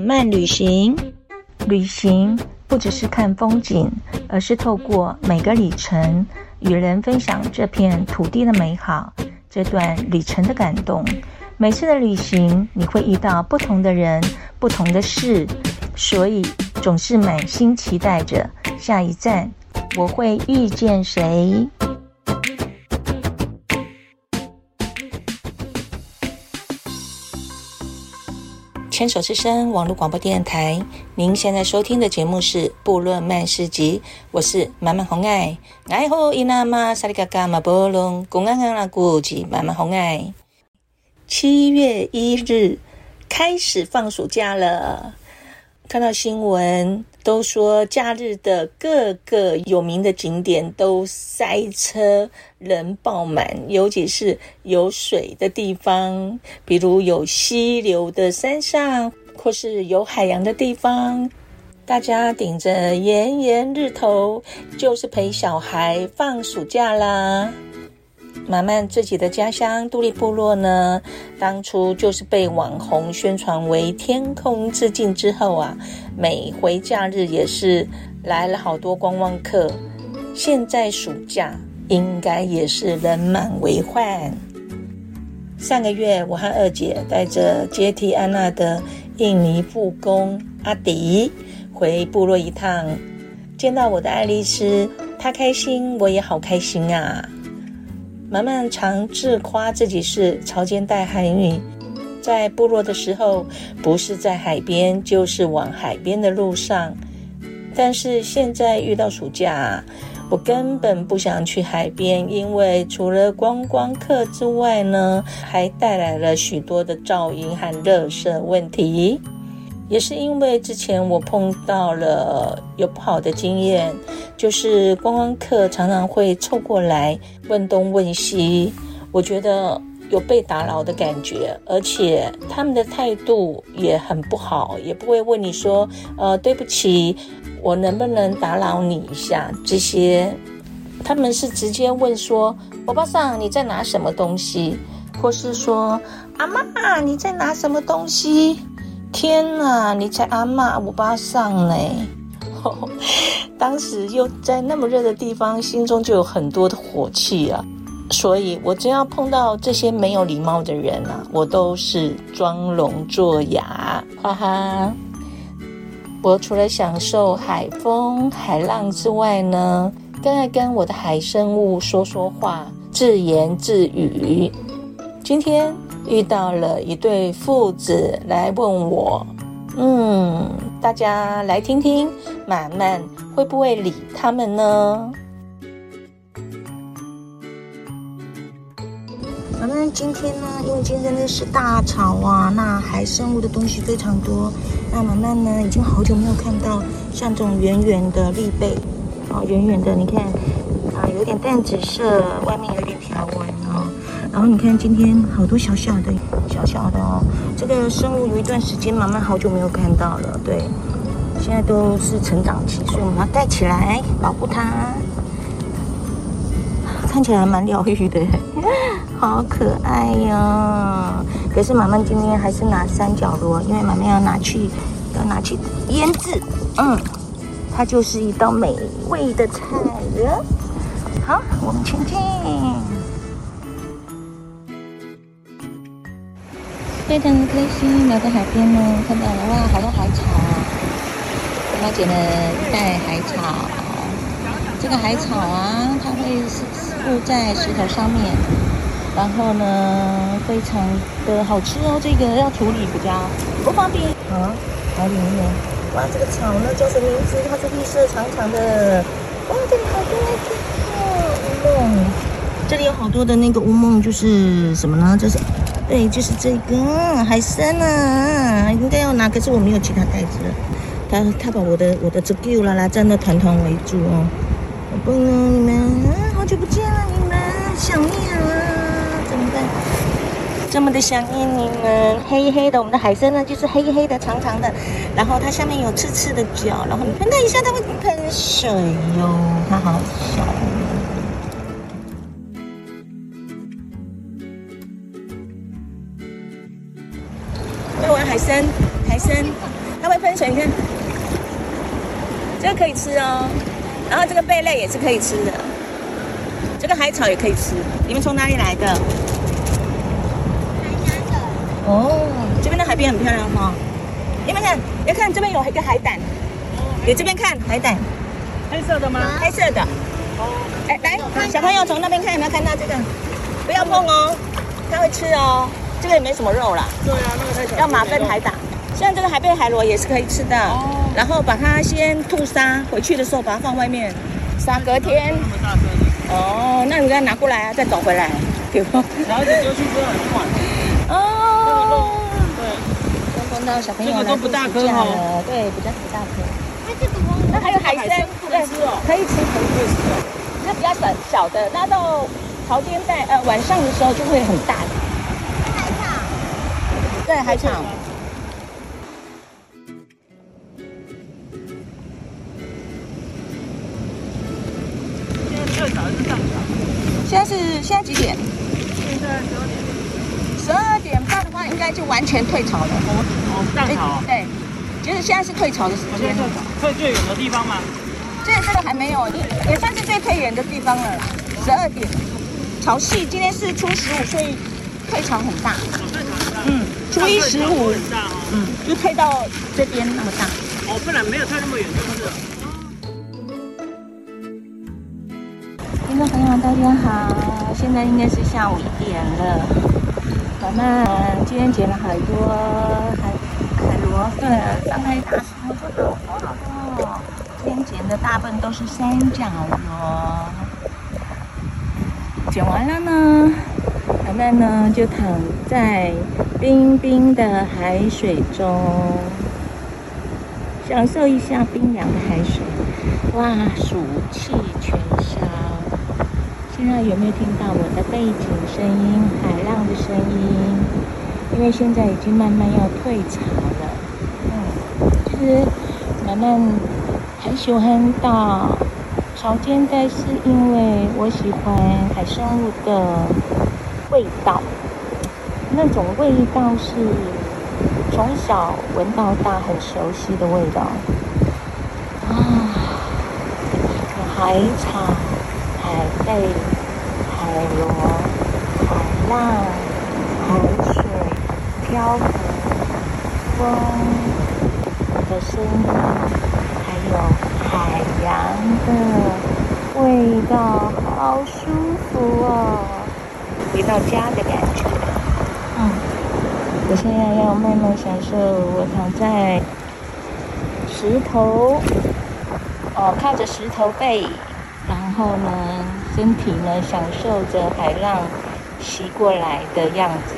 慢旅行，旅行不只是看風景，而是透過每個里程，與人分享這片土地的美好，這段旅程的感動。每次的旅行，你會遇到不同的人，不同的事，所以總是滿心期待着下一站，我會遇見誰。牽手之聲網絡廣播電台，您現在收聽的節目是《部落漫市集》，我是滿滿紅愛。愛吼伊那嘛沙里嘎嘎馬波隆，公安安啦古吉滿滿紅愛。七月一日開始放暑假了。看到新聞都說，假日的各個有名的景點都塞車，人爆滿，尤其是有水的地方，比如有溪流的山上，或是有海洋的地方。大家頂着炎炎日頭，就是陪小孩放暑假啦。馬漫自己的家鄉都歷部落呢，當初就是被網紅宣傳為“天空之鏡”之後啊，每回假日也是來了好多觀光客。現在暑假應該也是人滿為患。上個月，我和二姐帶着接替安娜的印尼副工阿迪回部落一趟，見到我的愛麗絲，她開心，我也好開心啊。馬漫常自誇自己是潮間帶海女，在部落的時候，不是在海邊，就是往海邊的路上。但是現在遇到暑假，我根本不想去海邊，因為除了觀光客之外呢，還帶來了許多的噪音和垃圾問題。也是因為之前我碰到了有不好的經驗，就是觀光客常常會湊過來問東問西，我覺得有被打擾的感覺，而且他們的態度也很不好，也不會問你說：“呃，對不起，我能不能打擾你一下？”這些，他們是直接問說：“歐巴桑，你在拿什麼東西？”或是說：“阿媽，你在拿什麼東西？”天哪！你在阿媽阿五巴上嘞。呵呵，當時又在那麼熱的地方，心中就有很多的火氣啊。所以我只要碰到這些沒有禮貌的人啊，我都是裝聾作啞，哈、啊、哈。我除了享受海風海浪之外呢，更愛跟我的海生物說說話，自言自語。今天。遇到了一對父子來問我，嗯，大家來聽聽馬漫會不會理他們呢？咱們今天呢，因為今天真的是大潮啊，那海生物的東西非常多。那馬漫呢，已經好久沒有看到像這種圓圓的立貝，啊，圓圓的，你看，啊，有點淡紫色，外面有點條紋。然後你看，今天好多小小的、小小的哦。這個生物有一段時間，馬漫好久沒有看到了。對，現在都是成長期，所以我們要蓋起來保護它。看起來蠻療癒的，好可愛呀、哦！可是馬漫今天還是拿三角螺，因為馬漫要拿去要拿去醃製。嗯，它就是一道美味的菜了。好，我們前進。非常的開心，來到海邊呢，看到了哇，好多海草，啊。我撿了一袋海草。這個海草啊，它會附附在石頭上面，然後呢，非常的好吃哦。這個要處理比較不方便。好，海裡面，哇，這個草呢叫什麼名字？它是綠色長長的。哇，這裡好多。烏、啊、夢，嗯、這裡有好多的那個烏夢，就是什麼呢？這、就是。對，就是這個海參啊，應該要拿，可是我沒有其他袋子了。他他把我的我的這個啦啦 l a 拉在那團團圍，團圍住啊、哦，我不能你，你們，好久不見了你們，想念啊，怎麼辦？這麼的想念你們，黑黑的，我們的海參呢，就是黑黑的長長的，然後它下面有刺刺的腳，然後你噴它一下，它會噴水喲、哦，它好小。它會噴水，你看，這個可以吃哦，然後這個貝類也是可以吃的，這個海草也可以吃。你們從哪裡來的？海南的。哦，這邊的海邊很漂亮哈。你們看，要看這邊有一個海膽，給這邊看海膽，黑色的嗎？黑色的。哦。哎、欸，來，小朋友從那邊看有沒有看到這個？不要碰哦，它會吃哦。這個也沒什麼肉啦。對啊，那個太小。要馬糞海膽。像這個海貝、海螺也是可以吃的，oh. 然後把它先吐沙，回去的時候把它放外面，沙隔天。那麼大顆哦，那你給它拿過來啊，再找回來。給嗎？潮汐時候去抓很晚。啊。對。剛剛到小朋友這個都不大顆、哦、對，比較不大顆。那、哎這個、哦，那還有海參，海鮮可以吃哦。可以吃，可以吃，可以吃哦。就比較小的小的，那到潮間帶呃晚上的時候就會很大的。海草草。對，海草。現在幾點？現在十二點。十二點半的話，應該就完全退潮了。哦，漲潮對對。對。其實現在是退潮的時間退，退最遠的地方嗎？這個、這個還沒有，就，也算是最退遠的地方了啦。十二點。潮汐今天是初十五，所以退潮很大。正常、哦、嗯。初一十五。嗯。就退到這邊那麼大。哦，不然沒有退那麼遠。就是各位朋友，大家好，現在應該是下午一點了。我們今天撿了好多海海螺，對，剛才大石頭撿好多。哦。今天撿的大部分都是三角螺。撿完了呢，我們呢就躺在冰冰的海水中，享受一下冰涼的海水。哇，暑氣！現在有沒有聽到我的背景聲音，海浪的聲音？因為現在已經慢慢要退潮了。其、嗯、實、就是、馬漫很喜歡到潮間帶是因為我喜歡海生物的味道，那種味道是從小聞到大很熟悉的味道。啊，我海草。被海螺、海浪、海水、漂浮、風的聲音，還有海洋的味道，好舒服啊、哦！回到家的感覺，嗯，我現在要慢慢享受。我躺在石頭，哦，靠着石頭背。然後呢，身體呢，享受着海浪襲過來的樣子。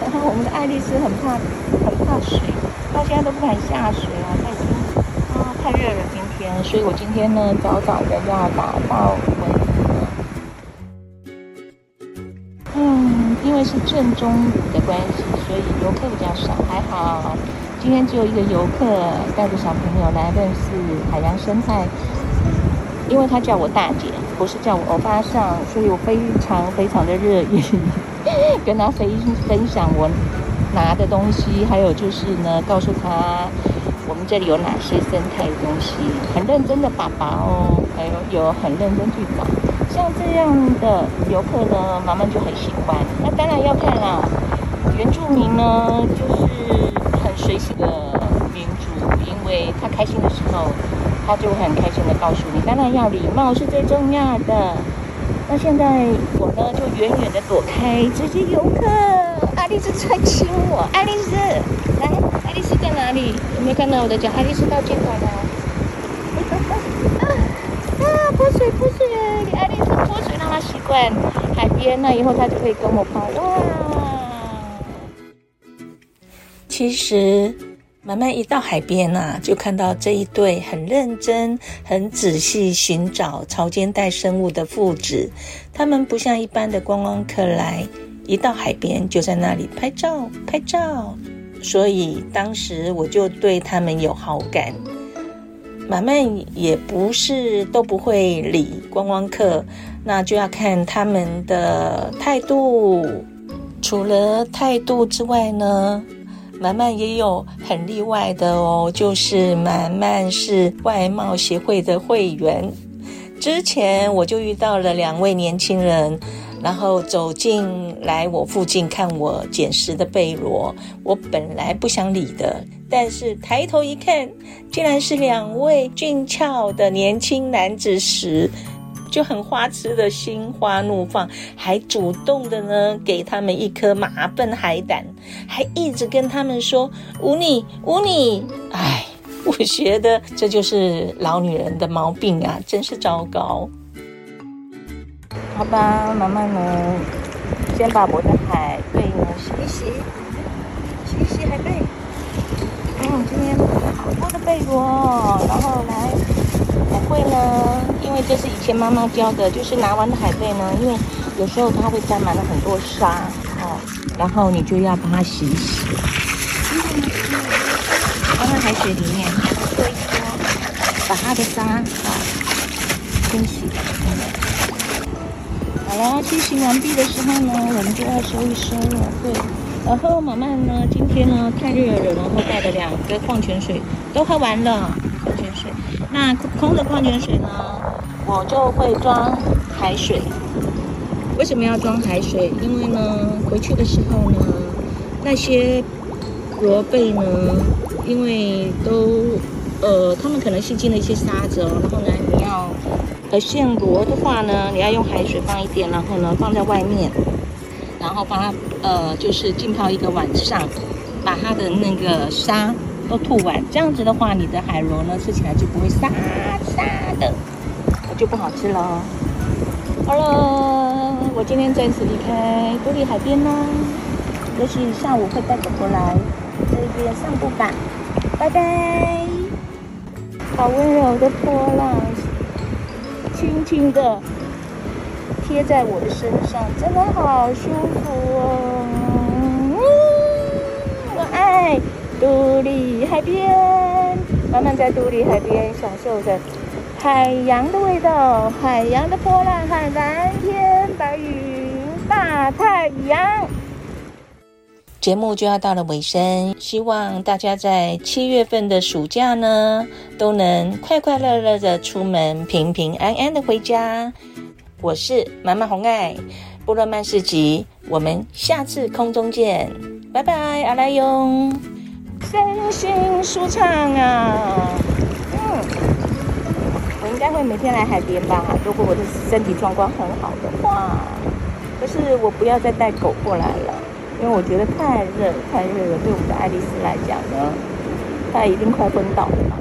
然後我們的愛麗絲很怕，很怕水，到現在都不敢下水了、啊。她已經啊、嗯，太熱了今天，所以我今天呢，早早的要打包回。嗯，因為是正中午的關係，所以遊客比較少，還好。今天只有一個遊客帶着小朋友來認識海洋生態。因為他叫我大姐，不是叫我歐巴桑，所以我非常非常的熱情， 跟他分分享我拿的東西，還有就是呢，告訴他我們這裡有哪些生態的東西，很認真的爸爸哦，還有有很認真去管。像這樣的遊客呢，馬漫就很喜歡。那當然要看啦，原住民呢，就是很隨性的民族，因為他開心的時候。他就很開心的告訴你，當然要禮貌是最重要的。那現在我呢，就遠遠的躲開這些遊客。愛麗絲在親我。愛麗絲，來，愛麗絲在哪裡？有沒有看到我的腳？愛麗絲到這邊來了，啊啊潑水潑水，給愛麗絲潑水，讓她習慣海邊，那以後她就可以跟我狂玩，哇，其實。馬漫一到海邊啊，就看到這一對很認真、很仔細尋找潮間帶生物的父子。他們不像一般的觀光客來，一到海邊就在那裡拍照、拍照。所以當時我就對他們有好感。馬漫也不是都不會理觀光客，那就要看他們的態度。除了態度之外呢，馬漫也有很例外的哦，就是馬漫是外貌協會的會員。之前我就遇到了兩位年輕人，然後走進來我附近看我撿拾的貝螺。我本來不想理的，但是抬頭一看，竟然是兩位俊俏的年輕男子時。就很花痴的心花怒放，還主動的呢，給他們一顆馬糞海膽，還一直跟他們說“無你無你”。哎，我覺得這就是老女人的毛病啊，真是糟糕。好吧，媽媽呢？先把我的海貝呢洗一洗，洗一洗海貝。嗯，今天好多的貝螺，然後來學會呢。因為這是以前媽媽教的，就是拿完的海貝呢，因為有時候它會沾滿了很多沙，哦，然後你就要把它洗一洗。嗯嗯嗯、放在海水裡面搓一搓，把它的沙啊、嗯、清洗。嗯、好了，清洗完畢的時候呢，我們就要收一收了，對。然後馬漫呢，今天呢太熱了，然後帶的兩個礦泉水都喝完了。礦泉水，那空的礦泉水呢？我就會裝海水。為什麼要裝海水？因為呢，回去的時候呢，那些螺貝呢，因為都呃，他們可能是進了一些沙子哦，然後呢，你要呃，線螺的話呢，你要用海水放一點，然後呢，放在外面，然後把它呃，就是浸泡一個晚上，把它的那個沙。都吐完，這樣子的話，你的海螺呢吃起來就不會沙沙的，就不好吃了。哈囉，我今天再次離開都歷海邊啦，也許下午會帶走回來。這邊散步吧，拜拜。好溫柔的波浪，輕輕的貼在我的身上，真的好舒服哦。都歷海邊，馬漫在都歷海邊享受着海洋的味道，海洋的波浪，和藍天白雲，大太陽。節目就要到了尾聲，希望大家在七月份的暑假呢，都能快快樂樂的出門，平平安安的回家。我是馬漫紅愛部落漫市集，我們下次空中見，拜拜，阿拉喲。身心舒暢啊，嗯，我應該會每天來海邊吧？如果我的身體狀況很好的話，可是我不要再帶狗過來了，因為我覺得太熱，太熱了，對我們的愛麗絲來講呢，她一定快昏倒了。